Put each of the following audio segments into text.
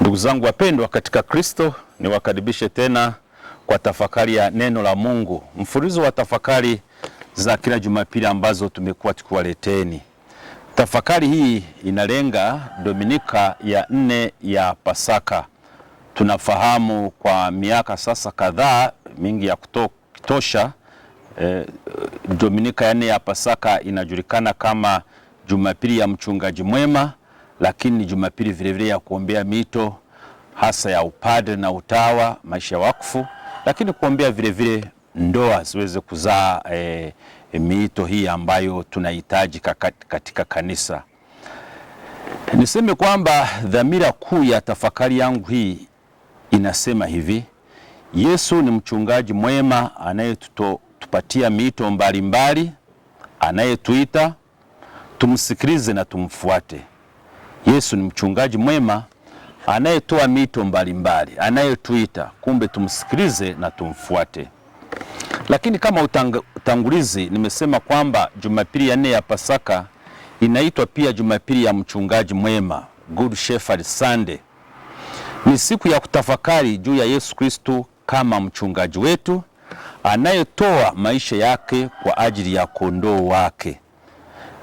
Ndugu zangu wapendwa katika Kristo, niwakaribishe tena kwa tafakari ya neno la Mungu, mfululizo wa tafakari za kila Jumapili ambazo tumekuwa tukiwaleteni. Tafakari hii inalenga Dominika ya nne ya Pasaka tunafahamu kwa miaka sasa kadhaa mingi ya kutosha eh, Dominika ya nne ya Pasaka inajulikana kama Jumapili ya mchungaji mwema, lakini ni Jumapili vilevile ya kuombea mito hasa ya upadre na utawa, maisha ya wakfu, lakini kuombea vilevile ndoa ziweze kuzaa eh, miito hii ambayo tunahitaji katika kanisa. Niseme kwamba dhamira kuu ya tafakari yangu hii inasema hivi: Yesu ni mchungaji mwema anayetupatia mito mbalimbali, anayetuita tumsikilize na tumfuate. Yesu ni mchungaji mwema anayetoa mito mbalimbali, anayetuita kumbe tumsikilize na tumfuate. Lakini kama utang, utangulizi nimesema kwamba Jumapili ya nne ya Pasaka inaitwa pia Jumapili ya mchungaji mwema, Good Shepherd Sunday. Ni siku ya kutafakari juu ya Yesu Kristo kama mchungaji wetu anayetoa maisha yake kwa ajili ya kondoo wake.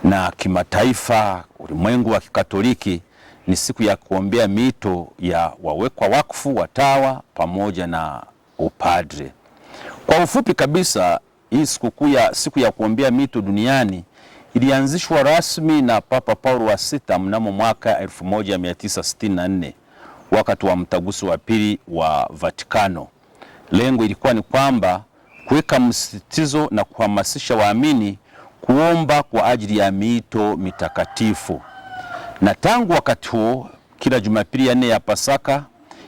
Na kimataifa, ulimwengu wa Kikatoliki ni siku ya kuombea miito ya wawekwa wakfu, watawa pamoja na upadre. Kwa ufupi kabisa, hii sikukuu ya siku ya kuombea miito duniani ilianzishwa rasmi na Papa Paulo wa sita mnamo mwaka 1964 wakati wa mtaguso wa pili wa Vatikano. Lengo ilikuwa ni kwamba kuweka msisitizo na kuhamasisha waamini kuomba kwa ajili ya miito mitakatifu, na tangu wakati huo kila Jumapili ya nne ya Pasaka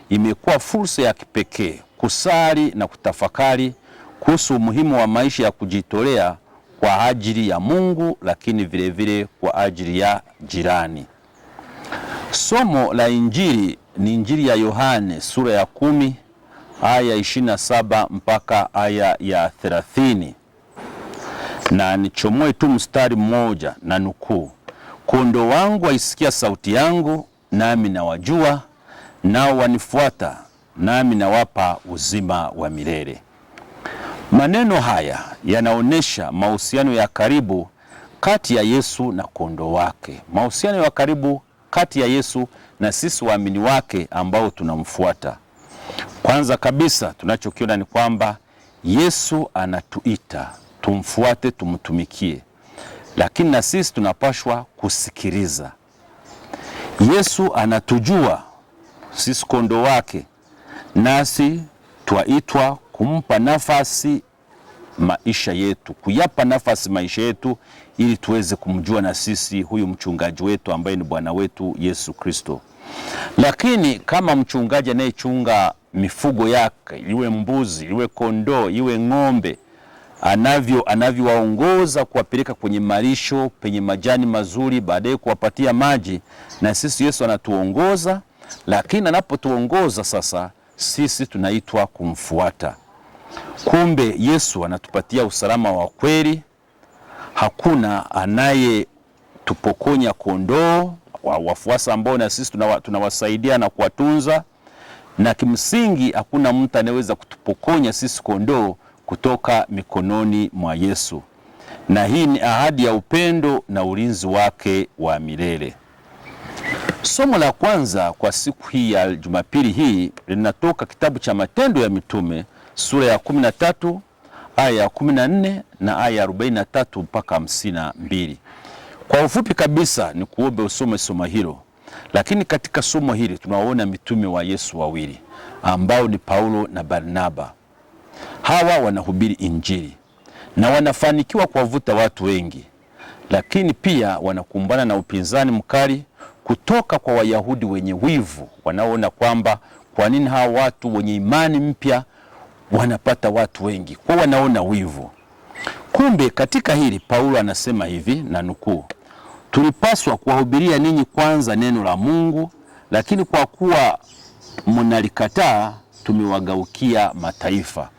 imekuwa fursa ya kipekee kusali na kutafakari kuhusu umuhimu wa maisha ya kujitolea kwa ajili ya Mungu, lakini vilevile vile kwa ajili ya jirani. Somo la Injili ni Injili ya Yohane sura ya kumi aya ishirini na saba mpaka aya ya thelathini na nichomoe tu mstari mmoja na nukuu: kondoo wangu waisikia sauti yangu, nami nawajua, nao wanifuata, nami nawapa uzima wa milele. Maneno haya yanaonyesha mahusiano ya karibu kati ya Yesu na kondoo wake, mahusiano ya karibu kati ya Yesu na sisi waamini wake ambao tunamfuata. Kwanza kabisa tunachokiona ni kwamba Yesu anatuita tumfuate, tumtumikie, lakini na sisi tunapashwa kusikiliza. Yesu anatujua sisi kondoo wake, nasi twaitwa kumpa nafasi maisha yetu, kuyapa nafasi maisha yetu ili tuweze kumjua na sisi huyu mchungaji wetu ambaye ni Bwana wetu Yesu Kristo. Lakini kama mchungaji anayechunga mifugo yake, iwe mbuzi, iwe kondoo, iwe ng'ombe, anavyo anavyowaongoza kuwapeleka kwenye malisho penye majani mazuri, baadaye kuwapatia maji, na sisi Yesu anatuongoza. Lakini anapotuongoza sasa, sisi tunaitwa kumfuata. Kumbe Yesu anatupatia usalama wa kweli. Hakuna anayetupokonya kondoo wafuasi ambao na sisi tunawasaidia na kuwatunza, na kimsingi hakuna mtu anayeweza kutupokonya sisi kondoo kutoka mikononi mwa Yesu, na hii ni ahadi ya upendo na ulinzi wake wa milele. Somo la kwanza kwa siku hii ya Jumapili hii linatoka kitabu cha Matendo ya Mitume sura ya 13 aya ya 14 na aya ya 43 mpaka 52. Kwa ufupi kabisa ni kuombe usome somo hilo, lakini katika somo hili tunaona mitume wa Yesu wawili ambao ni Paulo na Barnaba. Hawa wanahubiri Injili na wanafanikiwa kuwavuta watu wengi, lakini pia wanakumbana na upinzani mkali kutoka kwa Wayahudi wenye wivu wanaona kwamba kwa nini hawa watu wenye imani mpya wanapata watu wengi, kwa wanaona wivu. Kumbe katika hili Paulo anasema hivi na nukuu tulipaswa kuwahubiria ninyi kwanza neno la Mungu, lakini kwa kuwa mnalikataa tumewagaukia mataifa.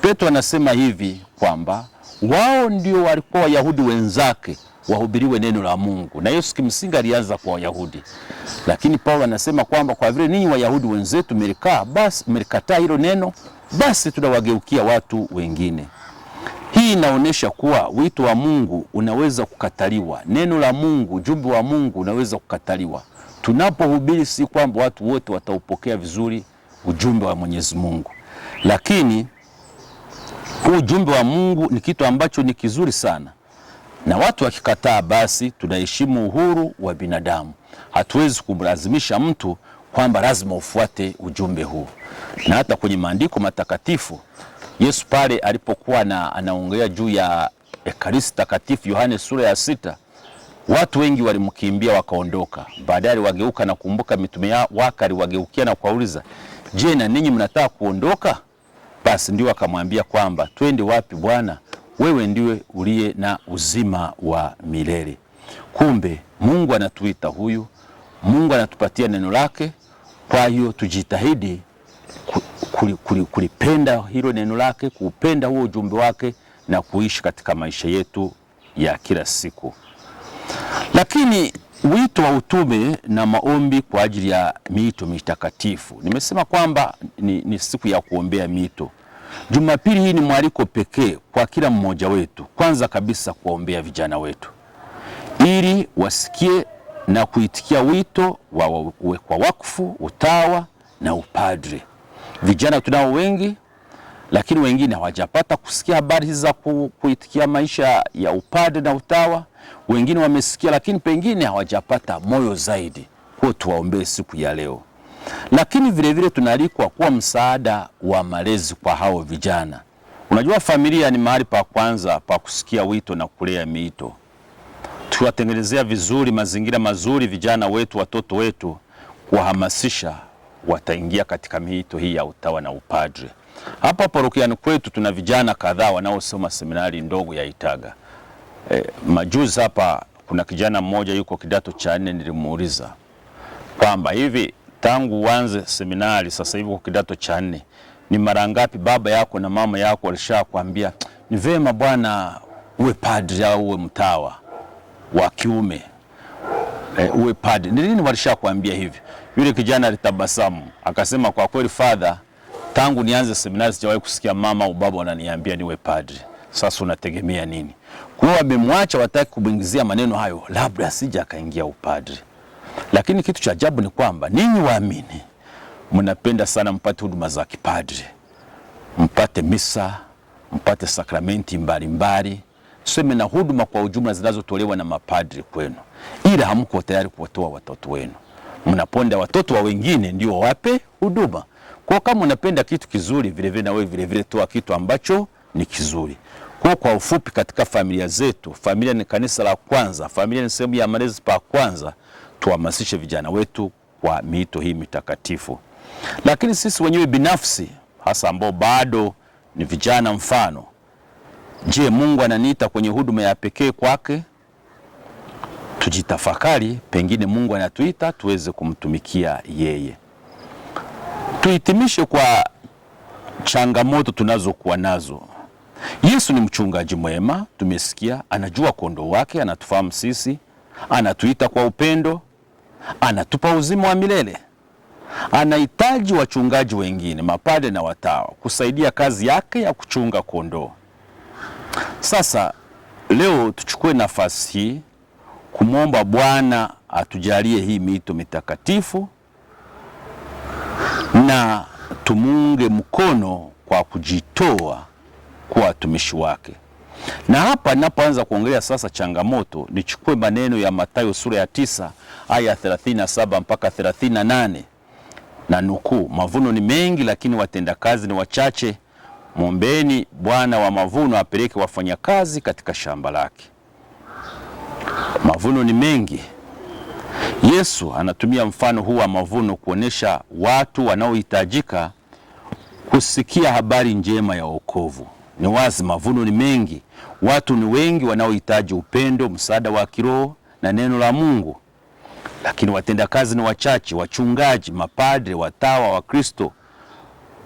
Petro anasema hivi kwamba wao ndio walikuwa Wayahudi wenzake wahubiriwe neno la Mungu, na Yesu kimsingi alianza kwa Wayahudi, lakini Paulo anasema kwamba kwa vile ninyi Wayahudi wenzetu mlikataa hilo neno, basi tunawageukia watu wengine. Hii inaonyesha kuwa wito wa Mungu unaweza kukataliwa, neno la Mungu, ujumbe wa Mungu unaweza kukataliwa. Tunapohubiri, si kwamba watu wote wataupokea vizuri ujumbe wa Mwenyezi Mungu, lakini huu ujumbe wa Mungu ni kitu ambacho ni kizuri sana, na watu wakikataa, basi tunaheshimu uhuru wa binadamu. Hatuwezi kumlazimisha mtu kwamba lazima ufuate ujumbe huu, na hata kwenye maandiko matakatifu Yesu pale alipokuwa na, anaongea juu ya Ekaristi Takatifu Yohane sura ya sita, watu wengi walimkimbia wakaondoka. Baadaye wageuka na kumbuka mitume yao, wakali wageukia na kuwauliza, je, na ninyi mnataka kuondoka? Basi ndio akamwambia kwamba twende wapi Bwana, wewe ndiwe uliye na uzima wa milele. Kumbe Mungu anatuita huyu, Mungu anatupatia neno lake. Kwa hiyo tujitahidi kulipenda hilo neno lake, kuupenda huo ujumbe wake na kuishi katika maisha yetu ya kila siku. Lakini wito wa utume na maombi kwa ajili ya miito mitakatifu, nimesema kwamba ni, ni siku ya kuombea miito. Jumapili hii ni mwaliko pekee kwa kila mmoja wetu, kwanza kabisa kuwaombea vijana wetu ili wasikie na kuitikia wito wa kuwekwa wakfu, utawa na upadre. Vijana tunao wengi, lakini wengine hawajapata kusikia habari hizi za kuitikia maisha ya upadre na utawa. Wengine wamesikia, lakini pengine hawajapata moyo zaidi. Kwa tuwaombee siku ya leo, lakini vilevile tunaalikwa kuwa msaada wa malezi kwa hao vijana. Unajua, familia ni mahali pa kwanza pa kusikia wito na kulea miito. Tuwatengenezea vizuri mazingira mazuri vijana wetu, watoto wetu, kuwahamasisha wataingia katika miito hii ya utawa na upadre. Hapa parokiani kwetu tuna vijana kadhaa wanaosoma seminari ndogo ya Itaga. E, majuzi hapa kuna kijana mmoja yuko kidato cha nne, nilimuuliza kwamba hivi tangu uanze seminari sasa hivi uko kidato cha nne ni mara ngapi baba yako na mama yako walishakwambia ni vema bwana uwe padri au uwe mtawa wa kiume e, uwe padri? Ni nini, walishakwambia hivi? Yule kijana alitabasamu akasema, kwa kweli father, tangu nianze seminari sijawahi kusikia mama au baba wananiambia niwe padri. Sasa unategemea nini? Kwa hiyo wamemwacha, wataki kumwingizia maneno hayo, labda asija akaingia upadri. Lakini kitu cha ajabu ni kwamba ninyi waamini mnapenda sana mpate huduma za kipadri, mpate misa, mpate sakramenti mbalimbali, tuseme na huduma kwa ujumla zinazotolewa na mapadri kwenu, ila hamko tayari kuwatoa watoto wenu mnaponda watoto wa wengine ndio wape huduma. Kwa kama unapenda kitu kizuri, vile na wewe vile toa kitu ambacho ni kizuri. Kwa kwa ufupi, katika familia zetu, familia ni kanisa la kwanza, familia ni sehemu ya malezi pa kwanza. Tuhamasishe vijana wetu kwa miito hii mitakatifu, lakini sisi wenyewe binafsi, hasa ambao bado ni vijana, mfano je, Mungu ananiita kwenye huduma ya pekee kwake tujitafakari, pengine Mungu anatuita tuweze kumtumikia yeye. Tuhitimishe kwa changamoto tunazokuwa nazo. Yesu ni mchungaji mwema, tumesikia, anajua kondoo wake, anatufahamu sisi, anatuita kwa upendo, anatupa uzima wa milele. Anahitaji wachungaji wengine, mapade na watawa, kusaidia kazi yake ya kuchunga kondoo. Sasa leo tuchukue nafasi hii kumwomba Bwana atujalie hii mito mitakatifu na tumuunge mkono kwa kujitoa kuwa watumishi wake. Na hapa ninapoanza kuongelea sasa changamoto, nichukue maneno ya Mathayo sura ya tisa aya 37 mpaka 38 na nukuu, mavuno ni mengi lakini watendakazi ni wachache. Mwombeni Bwana wa mavuno apeleke wafanyakazi katika shamba lake. Mavuno ni mengi. Yesu anatumia mfano huu wa mavuno kuonesha watu wanaohitajika kusikia habari njema ya wokovu. Ni wazi mavuno ni mengi, watu ni wengi wanaohitaji upendo, msaada wa kiroho na neno la Mungu, lakini watendakazi ni wachache. Wachungaji, mapadre, watawa wa Kristo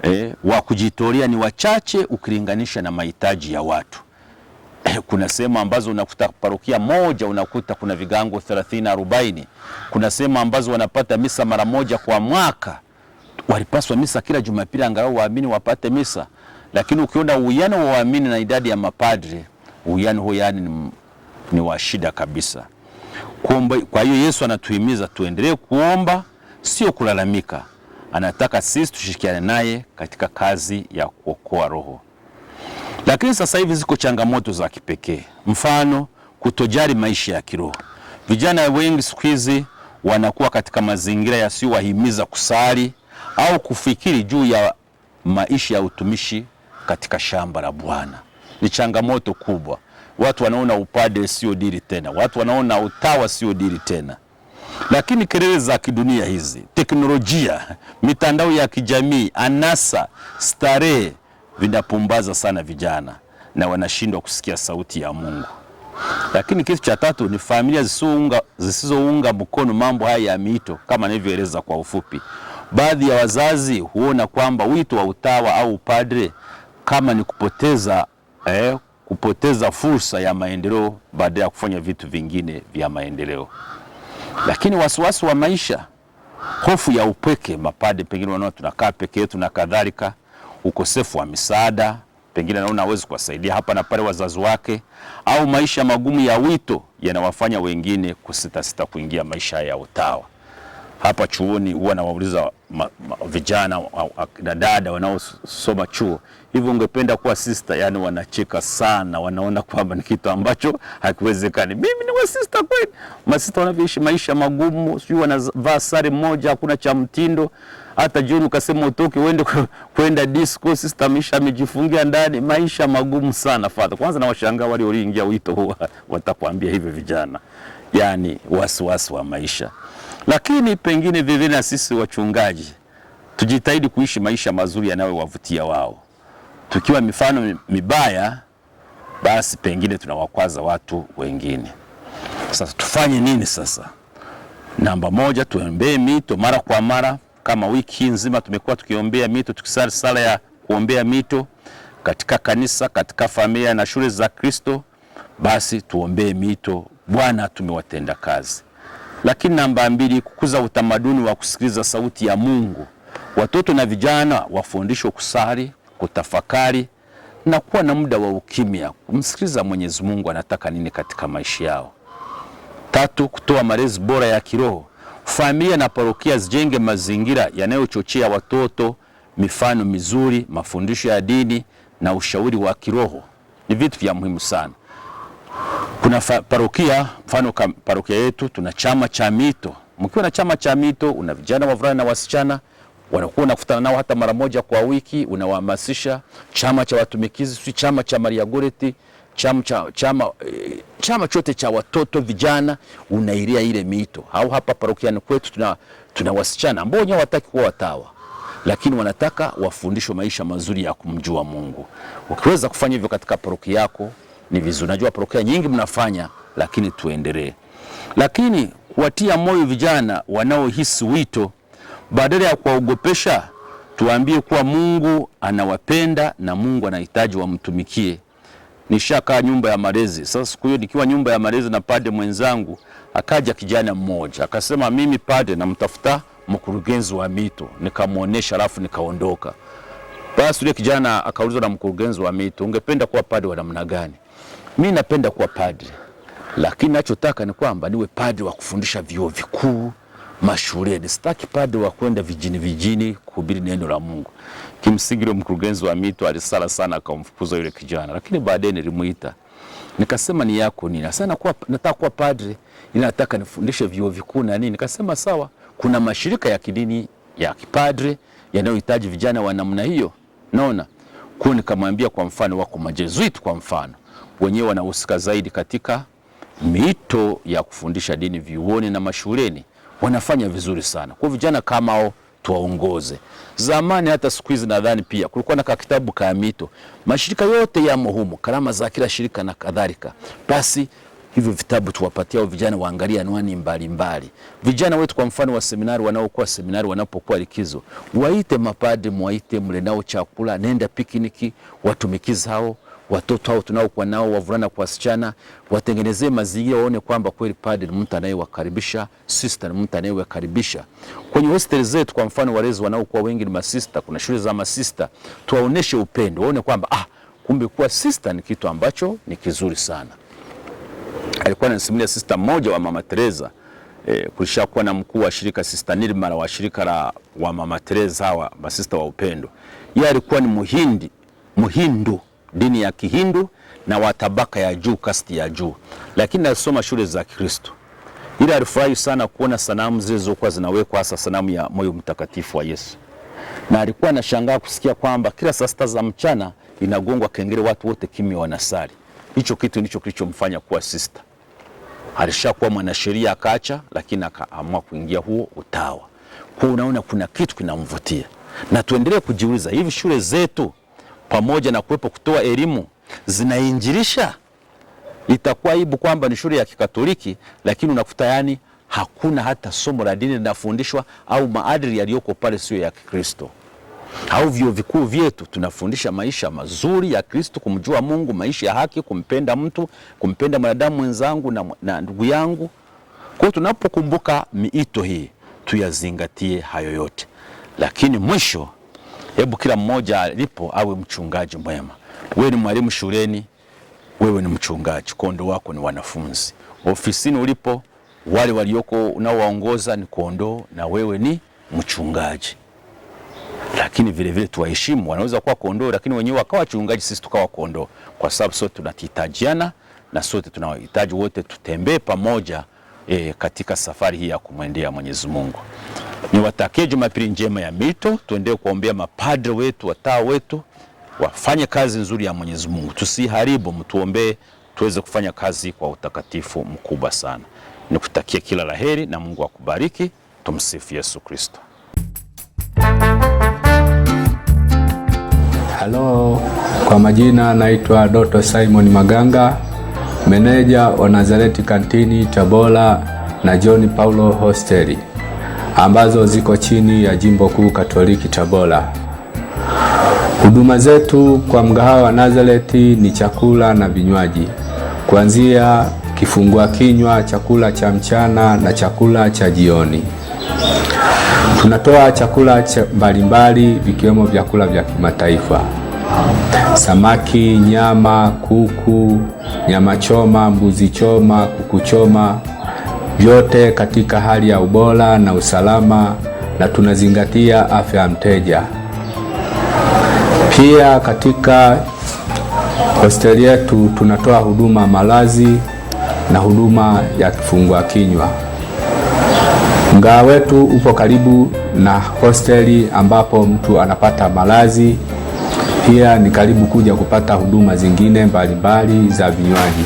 eh, wa kujitolea ni wachache ukilinganisha na mahitaji ya watu. kuna sehemu ambazo unakuta parokia moja unakuta kuna vigango 30 40. Kuna sehemu ambazo wanapata misa mara moja kwa mwaka, walipaswa misa kila Jumapili angalau waamini wapate misa, lakini ukiona uwiano wa waamini na idadi ya mapadri, uwiano huo yani ni, ni wa shida kabisa. Kuomba, kwa hiyo Yesu anatuhimiza tuendelee kuomba, sio kulalamika. Anataka sisi tushirikiane naye katika kazi ya kuokoa roho. Lakini sasa hivi ziko changamoto za kipekee, mfano kutojali maisha ya kiroho. Vijana wengi siku hizi wanakuwa katika mazingira yasiyowahimiza kusali au kufikiri juu ya maisha ya utumishi katika shamba la Bwana. Ni changamoto kubwa. Watu wanaona upadre sio dili tena, watu wanaona utawa sio dili tena. Lakini kelele za kidunia hizi, teknolojia, mitandao ya kijamii, anasa, starehe vinapumbaza sana vijana na wanashindwa kusikia sauti ya Mungu. Lakini kitu cha tatu ni familia zisizounga mkono mambo haya ya miito, kama nilivyoeleza kwa ufupi. Baadhi ya wazazi huona kwamba wito wa utawa au upadre kama ni kupoteza eh, kupoteza fursa ya maendeleo baada ya kufanya vitu vingine vya maendeleo. Lakini wasiwasi wa maisha, hofu ya upweke, mapade pengine wanaona tunakaa peke yetu na kadhalika ukosefu wa misaada, pengine naona hawezi kuwasaidia hapa na pale wazazi wake, au maisha magumu ya wito yanawafanya wengine kusitasita kuingia maisha ya utawa. Hapa chuoni huwa nawauliza vijana na dada wanaosoma chuo, hivyo ungependa kuwa sista? Yani wanacheka sana, wanaona kwamba ni kitu ambacho hakiwezekani. Mimi niwe sista kweli? Masista wanavyoishi maisha magumu, sijui wanavaa sare moja, hakuna cha mtindo hata jioni ukasema utoke uende kwenda disco, system ishamejifungia ndani. Maisha magumu sana fadha. Kwanza na washangaa walioingia wito huo, watakwambia hivyo vijana, yani wasiwasi wa maisha. Lakini pengine vivyo na sisi wachungaji tujitahidi kuishi maisha mazuri yanayowavutia wao. Tukiwa mifano mibaya, basi pengine tunawakwaza watu wengine. Sasa tufanye nini? Sasa namba moja, tuombee mito mara kwa mara kama wiki nzima tumekuwa tukiombea mito, tukisali sala ya kuombea mito katika kanisa, katika familia na shule za Kristo. Basi tuombee mito. Bwana tumewatenda kazi. Lakini namba mbili, kukuza utamaduni wa kusikiliza sauti ya Mungu. Watoto na vijana wafundishwe kusali, kutafakari na kuwa na muda wa ukimya kumsikiliza Mwenyezi Mungu anataka nini katika maisha yao. Tatu, kutoa malezi bora ya kiroho. Familia na parokia zijenge mazingira yanayochochea watoto mifano mizuri, mafundisho ya dini na ushauri wa kiroho ni vitu vya muhimu sana. Kuna parokia, mfano parokia yetu tuna chama cha mito. Mkiwa na chama cha mito, una vijana wavulana na wasichana wanakuwa nakutana nao hata mara moja kwa wiki, unawahamasisha chama cha watumikizi, si chama cha Maria Goretti chama, cha chama, chama chote cha watoto vijana unailia ile mito au hapa parokiani kwetu tuna, tuna wasichana ambao wenyewe hawataki kuwa watawa lakini wanataka wafundishwe maisha mazuri ya kumjua Mungu. Ukiweza kufanya hivyo katika parokia yako ni vizuri. Najua parokia nyingi mnafanya, lakini tuendelee. Lakini kuwatia moyo vijana wanaohisi wito, badala ya kuwaogopesha, tuwaambie kuwa Mungu anawapenda na Mungu anahitaji wamtumikie nishakaa nyumba ya malezi. Sasa siku hiyo nikiwa nyumba ya malezi na pade mwenzangu, akaja kijana mmoja akasema, mimi pade namtafuta mkurugenzi wa mito. Nikamwonyesha alafu nikaondoka. Basi yule kijana akaulizwa na mkurugenzi wa mito, ungependa kuwa padri wa namna gani? Mi napenda kuwa padri, lakini nachotaka ni kwamba niwe padri wa kufundisha vyuo vikuu mashuleni. Sitaki padri wa kwenda vijini vijini kuhubiri neno la Mungu. Kimsingi yule mkurugenzi wa mito alisala sana, akamfukuza yule kijana, lakini baadaye nilimuita nikasema, ni yako nini? Sasa nakuwa nataka kuwa padre, ninataka nifundishe vyuo vikuu na nini. Nikasema sawa, kuna mashirika ya kidini ya kipadre yanayohitaji vijana wa namna hiyo, naona kwa. Nikamwambia kwa mfano, wako majezuit kwa mfano, wenyewe wanahusika zaidi katika mito ya kufundisha dini vyuoni na mashuleni, wanafanya vizuri sana kwa vijana kama hao tuwaongoze. Zamani hata siku hizi nadhani pia kulikuwa na kakitabu ka mito, mashirika yote ya muhimu, karama za kila shirika na kadhalika. Basi hivyo vitabu tuwapatia vijana waangalie anwani mbalimbali. Vijana wetu kwa mfano wa seminari, wanaokuwa seminari, wanapokuwa likizo, waite mapadi, mwaite mle nao chakula, nenda pikiniki, watumikizi hao watoto hao tunaokuwa nao wavulana kwa wasichana, watengenezee mazingira waone kwamba kweli padre ni mtu anayewakaribisha, sister ni mtu anayewakaribisha. Kwenye hostel zetu kwa mfano, walezi wanaokuwa wengi ni masista, kuna shule za masista, tuwaoneshe upendo, waone kwamba ah, kumbe kuwa sister ni kitu ambacho ni kizuri sana. Alikuwa anasimulia sister mmoja wa Mama Teresa E, kulishakuwa na mkuu wa shirika Sister Nirma wa shirika la wa Mama Teresa hawa masista wa upendo. Yeye alikuwa ni Muhindi, Muhindu dini ya Kihindu na wa tabaka ya juu, kasti ya juu, lakini alisoma shule za Kristo, ila alifurahi sana kuona sanamu zilizokuwa zinawekwa, hasa sanamu ya moyo mtakatifu wa Yesu, na alikuwa anashangaa kusikia kwamba kila saa sita za mchana inagongwa kengele, watu wote kimya, wanasali. Hicho kitu ndicho kilichomfanya kuwa sista. Alishakuwa mwanasheria akaacha, lakini akaamua kuingia huo utawa. Kwa unaona kuna kitu kinamvutia, na tuendelee kujiuliza hivi shule zetu pamoja na kuwepo kutoa elimu zinainjilisha, itakuwa aibu kwamba ni shule ya Kikatoliki, lakini unakuta yani hakuna hata somo la dini linafundishwa au maadili yaliyoko pale sio ya Kikristo au vyuo vikuu vyetu tunafundisha maisha mazuri ya Kristo, kumjua Mungu, maisha ya haki, kumpenda mtu, kumpenda mwanadamu mwenzangu na, na ndugu yangu. Kwa hiyo tunapokumbuka miito hii tuyazingatie hayo yote, lakini mwisho Hebu kila mmoja alipo awe mchungaji mwema. Wewe ni mwalimu shuleni, wewe ni mchungaji, kondoo wako ni wanafunzi. Ofisini ulipo, wale walioko unaowaongoza ni kondoo, na wewe ni mchungaji. Lakini vile vile tuwaheshimu, wanaweza kuwa kondoo lakini wenyewe wakawa wachungaji, sisi tukawa kondoo, kwa sababu sote tunahitajiana na sote tunahitaji wote, tutembee pamoja e, katika safari hii ya kumwendea Mwenyezi Mungu. Niwatakie Jumapili njema ya mito. Tuendelee kuombea mapadre wetu, wataa wetu wafanye kazi nzuri ya Mwenyezi Mungu, tusiharibu. Mtuombee tuweze kufanya kazi kwa utakatifu mkubwa sana. Nikutakie kila laheri na Mungu akubariki. Tumsifu Yesu Kristo. Halo, kwa majina naitwa Doto Simon Maganga, meneja wa Nazareti Kantini Tabora na John Paulo Hosteli ambazo ziko chini ya Jimbo Kuu Katoliki Tabora. Huduma zetu kwa mgahawa wa Nazareti ni chakula na vinywaji kuanzia kifungua kinywa, chakula cha mchana na chakula cha jioni. Tunatoa chakula mbalimbali vikiwemo vyakula vya kimataifa: samaki, nyama, kuku, nyama choma, mbuzi choma, kuku choma vyote katika hali ya ubora na usalama, na tunazingatia afya ya mteja. Pia katika hosteli yetu tunatoa huduma malazi na huduma ya kifungua kinywa. Mgahawa wetu upo karibu na hosteli ambapo mtu anapata malazi, pia ni karibu kuja kupata huduma zingine mbalimbali za vinywaji.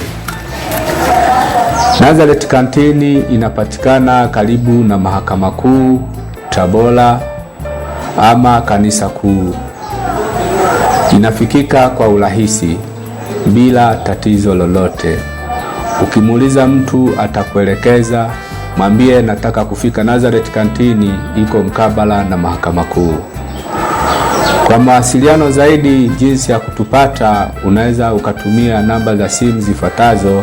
Nazareth Kantini inapatikana karibu na Mahakama Kuu Tabora ama Kanisa Kuu. Inafikika kwa urahisi bila tatizo lolote. Ukimuuliza mtu atakuelekeza, mwambie nataka kufika Nazareth Kantini, iko mkabala na Mahakama Kuu. Kwa mawasiliano zaidi, jinsi ya kutupata, unaweza ukatumia namba za simu zifuatazo